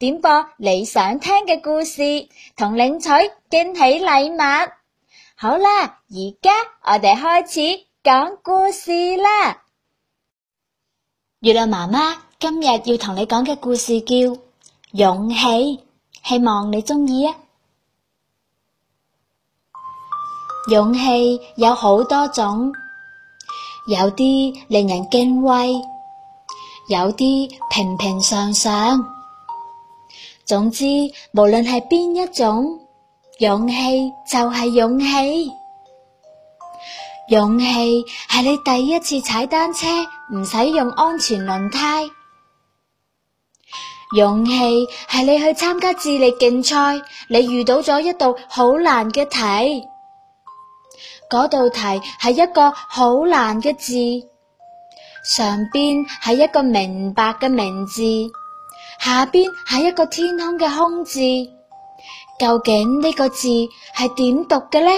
點播你想聽嘅故事，同領取驚喜禮物。好啦，而家我哋開始講故事啦。月亮媽媽，今日要同你講嘅故事叫《勇氣》，希望你鍾意吖！勇氣有好多種，有啲令人敬畏，有啲平平常常。總之，無論係邊一種，勇氣就係勇氣。勇氣係你第一次踩單車唔使用，用安全輪胎。勇氣係你去參加智力競賽，你遇到咗一道好難嘅題。嗰道題係一個好難嘅字，上邊係一個明白嘅名字。下邊係一個天空嘅空字，究竟呢個字係點讀嘅呢？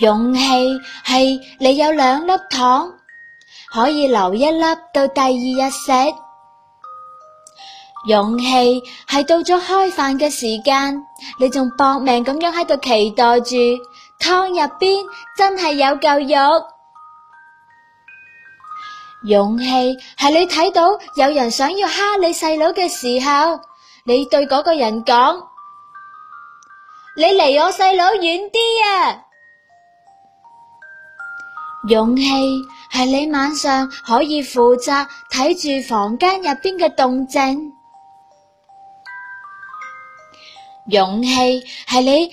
勇氣係你有兩粒糖，可以留一粒到第二日食。勇氣係到咗開飯嘅時間，你仲搏命咁樣喺度期待住湯入邊真係有嚿肉。勇氣係你睇到有人想要蝦你細佬嘅時候，你對嗰個人講：你離我細佬遠啲啊！勇氣係你晚上可以負責睇住房間入邊嘅動靜。勇氣係你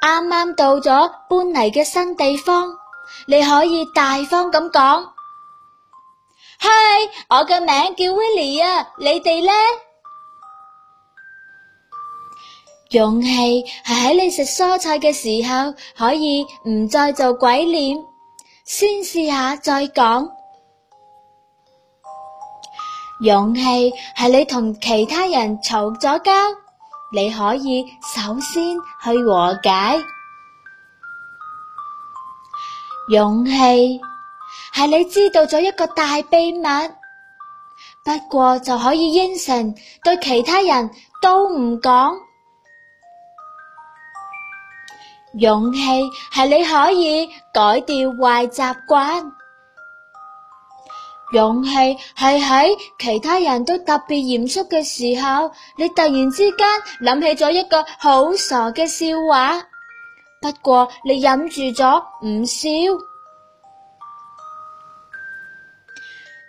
啱啱到咗搬嚟嘅新地方，你可以大方咁講。嗨，Hi, 我嘅名叫 Willie 啊！你哋呢？勇氣係喺你食蔬菜嘅時候可以唔再做鬼臉，先試下再講。勇氣係你同其他人嘈咗交，你可以首先去和解。勇氣。係你知道咗一個大秘密，不過就可以應承對其他人都唔講。勇氣係你可以改掉壞習慣。勇氣係喺其他人都特別嚴肅嘅時候，你突然之間諗起咗一個好傻嘅笑話，不過你忍住咗唔笑。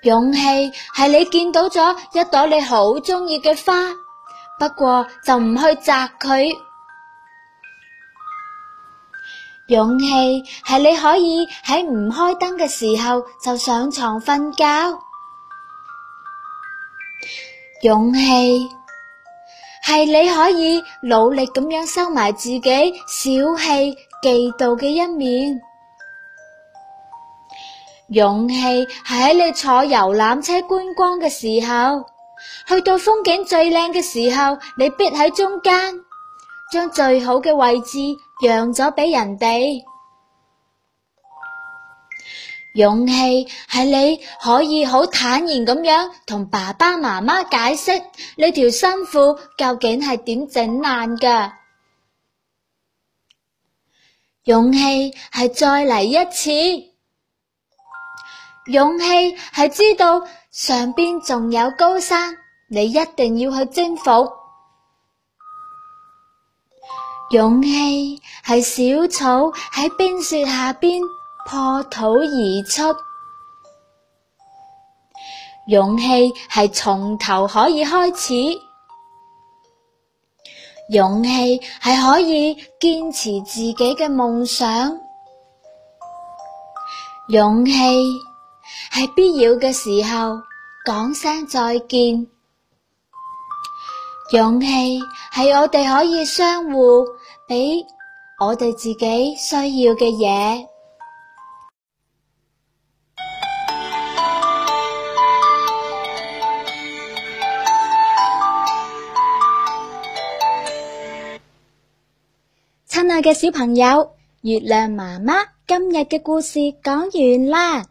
勇氣係你見到咗一朵你好鍾意嘅花，不過就唔去摘佢。勇氣係你可以喺唔開燈嘅時候就上床瞓覺。勇氣係你可以努力咁樣收埋自己小氣、嫉妒嘅一面。勇氣係喺你坐遊覽車觀光嘅時候，去到風景最靚嘅時候，你逼喺中間將最好嘅位置讓咗俾人哋。勇氣係你可以好坦然咁樣同爸爸媽媽解釋你條新褲究竟係點整爛嘅。勇氣係再嚟一次。勇氣係知道上邊仲有高山，你一定要去征服。勇氣係小草喺冰雪下邊破土而出。勇氣係從頭可以開始。勇氣係可以堅持自己嘅夢想。勇氣，喺必要嘅時候講聲再見，勇氣係我哋可以相互俾我哋自己需要嘅嘢。親愛嘅小朋友，月亮媽媽今日嘅故事講完啦。